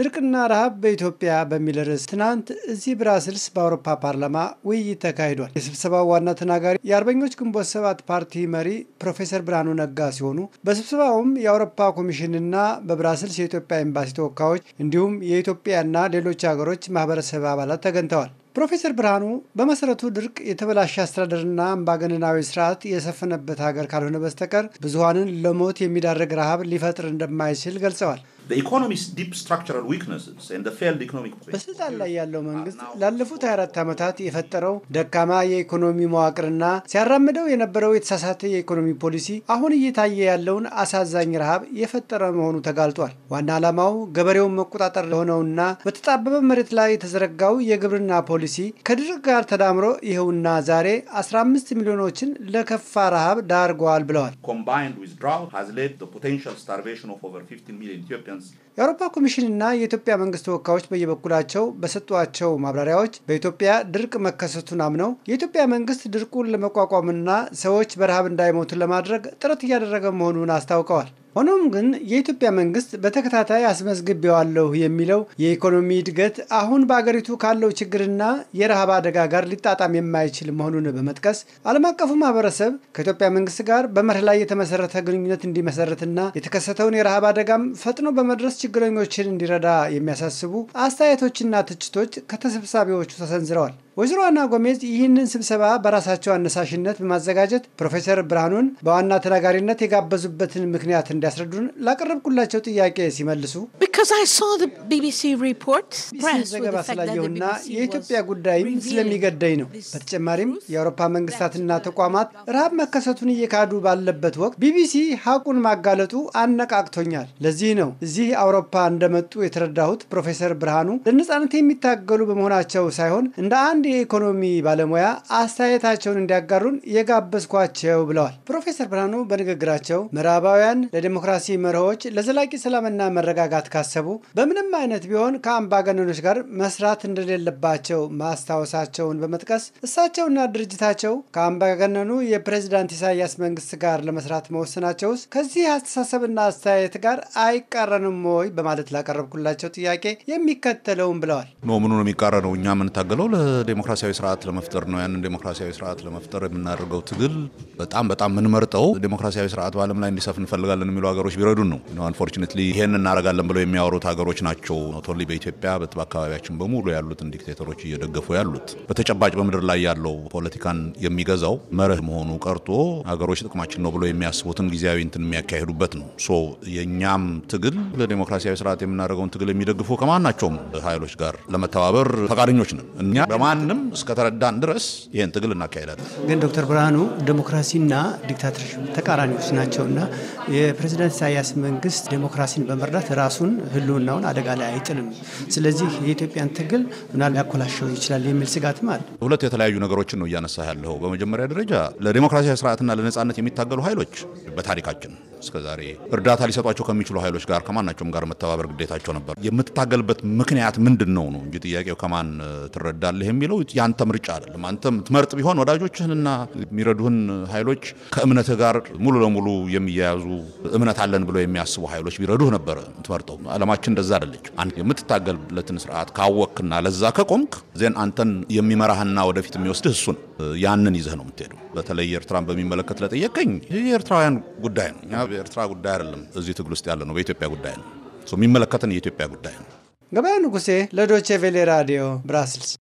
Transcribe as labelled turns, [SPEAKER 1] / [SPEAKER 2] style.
[SPEAKER 1] ድርቅና ረሃብ በኢትዮጵያ በሚል ርዕስ ትናንት እዚህ ብራስልስ በአውሮፓ ፓርላማ ውይይት ተካሂዷል። የስብሰባው ዋና ተናጋሪ የአርበኞች ግንቦት ሰባት ፓርቲ መሪ ፕሮፌሰር ብርሃኑ ነጋ ሲሆኑ በስብሰባውም የአውሮፓ ኮሚሽንና በብራስልስ የኢትዮጵያ ኤምባሲ ተወካዮች እንዲሁም የኢትዮጵያና ሌሎች ሀገሮች ማህበረሰብ አባላት ተገኝተዋል። ፕሮፌሰር ብርሃኑ በመሰረቱ ድርቅ የተበላሸ አስተዳደርና አምባገነናዊ ስርዓት የሰፈነበት ሀገር ካልሆነ በስተቀር ብዙሀንን ለሞት የሚዳረግ ረሃብ ሊፈጥር እንደማይችል ገልጸዋል። በስልጣን ላይ ያለው መንግስት ላለፉት 24 ዓመታት የፈጠረው ደካማ የኢኮኖሚ መዋቅርና ሲያራምደው የነበረው የተሳሳተ የኢኮኖሚ ፖሊሲ አሁን እየታየ ያለውን አሳዛኝ ረሃብ የፈጠረ መሆኑ ተጋልጧል። ዋና ዓላማው ገበሬውን መቆጣጠር ለሆነውና በተጣበበ መሬት ላይ የተዘረጋው የግብርና ፖሊሲ ከድርቅ ጋር ተዳምሮ ይኸውና ዛሬ 15 ሚሊዮኖችን ለከፋ ረሃብ ዳርገዋል ብለዋል። የአውሮፓ ኮሚሽንና የኢትዮጵያ መንግስት ተወካዮች በየበኩላቸው በሰጧቸው ማብራሪያዎች በኢትዮጵያ ድርቅ መከሰቱን አምነው የኢትዮጵያ መንግስት ድርቁን ለመቋቋምና ሰዎች በረሃብ እንዳይሞቱ ለማድረግ ጥረት እያደረገ መሆኑን አስታውቀዋል። ሆኖም ግን የኢትዮጵያ መንግስት በተከታታይ አስመዝግቤዋለሁ የሚለው የኢኮኖሚ እድገት አሁን በአገሪቱ ካለው ችግርና የረሃብ አደጋ ጋር ሊጣጣም የማይችል መሆኑን በመጥቀስ ዓለም አቀፉ ማህበረሰብ ከኢትዮጵያ መንግስት ጋር በመርህ ላይ የተመሰረተ ግንኙነት እንዲመሰርትና የተከሰተውን የረሃብ አደጋም ፈጥኖ በመድረስ ችግረኞችን እንዲረዳ የሚያሳስቡ አስተያየቶችና ትችቶች ከተሰብሳቢዎቹ ተሰንዝረዋል። ወይዘሮ አና ጎሜዝ ይህንን ስብሰባ በራሳቸው አነሳሽነት በማዘጋጀት ፕሮፌሰር ብርሃኑን በዋና ተናጋሪነት የጋበዙበትን ምክንያት እንዲያስረዱን ላቀረብኩላቸው ጥያቄ ሲመልሱ ቢቢሲ ዘገባ ስላየሁና የኢትዮጵያ ጉዳይም ስለሚገደኝ ነው። በተጨማሪም የአውሮፓ መንግስታትና ተቋማት ረሃብ መከሰቱን እየካዱ ባለበት ወቅት ቢቢሲ ሀቁን ማጋለጡ አነቃቅቶኛል። ለዚህ ነው እዚህ አውሮፓ እንደመጡ የተረዳሁት ፕሮፌሰር ብርሃኑ ለነጻነት የሚታገሉ በመሆናቸው ሳይሆን እንደ አንድ የኢኮኖሚ ባለሙያ አስተያየታቸውን እንዲያጋሩን የጋበዝኳቸው ብለዋል። ፕሮፌሰር ብርሃኑ በንግግራቸው ምዕራባውያን ለዲሞክራሲ መርሆች፣ ለዘላቂ ሰላምና መረጋጋት ካሰቡ በምንም አይነት ቢሆን ከአምባገነኖች ጋር መስራት እንደሌለባቸው ማስታወሳቸውን በመጥቀስ እሳቸውና ድርጅታቸው ከአምባገነኑ የፕሬዚዳንት ኢሳያስ መንግስት ጋር ለመስራት መወሰናቸውስ ከዚህ አስተሳሰብና አስተያየት ጋር አይቃረንም ወይ በማለት ላቀረብኩላቸው ጥያቄ የሚከተለውን ብለዋል።
[SPEAKER 2] ኖ ምኑ ነው የሚቃረነው? እኛ የምንታገለው ዴሞክራሲያዊ ስርዓት ለመፍጠር ነው። ያንን ዴሞክራሲያዊ ስርዓት ለመፍጠር የምናደርገው ትግል በጣም በጣም የምንመርጠው ዴሞክራሲያዊ ስርዓት በዓለም ላይ እንዲሰፍ እንፈልጋለን የሚሉ ሀገሮች ቢረዱን ነው። አንፎርችኔትሊ ይሄን እናደርጋለን ብለው የሚያወሩት ሀገሮች ናቸው ኖቶሊ በኢትዮጵያ በአካባቢያችን በሙሉ ያሉትን ዲክቴተሮች እየደገፉ ያሉት። በተጨባጭ በምድር ላይ ያለው ፖለቲካን የሚገዛው መርህ መሆኑ ቀርቶ ሀገሮች ጥቅማችን ነው ብሎ የሚያስቡትን ጊዜያዊ እንትን የሚያካሂዱበት ነው። ሶ የእኛም ትግል ለዴሞክራሲያዊ ስርዓት የምናደርገውን ትግል የሚደግፉ ከማናቸውም ኃይሎች ጋር ለመተባበር ፈቃደኞች ነን። እኛ እስከቻልንም እስከተረዳን ድረስ ይህን ትግል እናካሄዳለን።
[SPEAKER 1] ግን ዶክተር ብርሃኑ ዴሞክራሲና ዲክታተርሽፕ ተቃራኒዎች ናቸውና የፕሬዚዳንት ኢሳያስ መንግስት ዴሞክራሲን በመርዳት ራሱን ህልውናውን አደጋ ላይ አይጥልም። ስለዚህ የኢትዮጵያን ትግል ምናል ሊያኮላሸው ይችላል የሚል ስጋትም አለ።
[SPEAKER 2] ሁለት የተለያዩ ነገሮችን ነው እያነሳ ያለው። በመጀመሪያ ደረጃ ለዴሞክራሲያዊ ስርዓትና ለነጻነት የሚታገሉ ኃይሎች በታሪካችን እስከዛሬ እርዳታ ሊሰጧቸው ከሚችሉ ኃይሎች ጋር ከማናቸውም ጋር መተባበር ግዴታቸው ነበር። የምትታገልበት ምክንያት ምንድን ነው ነው እንጂ ጥያቄው ከማን ትረዳለህ የሚለው የሚለው ያንተ ምርጫ አይደለም። አንተም ትመርጥ ቢሆን ወዳጆችህንና የሚረዱህን ኃይሎች ከእምነትህ ጋር ሙሉ ለሙሉ የሚያያዙ እምነት አለን ብለው የሚያስቡ ኃይሎች ቢረዱህ ነበረ ትመርጠው። አለማችን እንደዛ አይደለች። የምትታገልለትን ስርዓት ካወክና ለዛ ከቆምክ ዜን አንተን የሚመራህና ወደፊት የሚወስድህ እሱን ያንን ይዘህ ነው የምትሄደው። በተለይ ኤርትራን በሚመለከት ለጠየቀኝ የኤርትራውያን ጉዳይ ነው። እኛ በኤርትራ ጉዳይ አይደለም እዚህ ትግል ውስጥ ያለ ነው፣ በኢትዮጵያ ጉዳይ ነው። የሚመለከትን የኢትዮጵያ ጉዳይ ነው።
[SPEAKER 1] ገበያ ንጉሴ ለዶቼ ቬሌ ራዲዮ ብራስልስ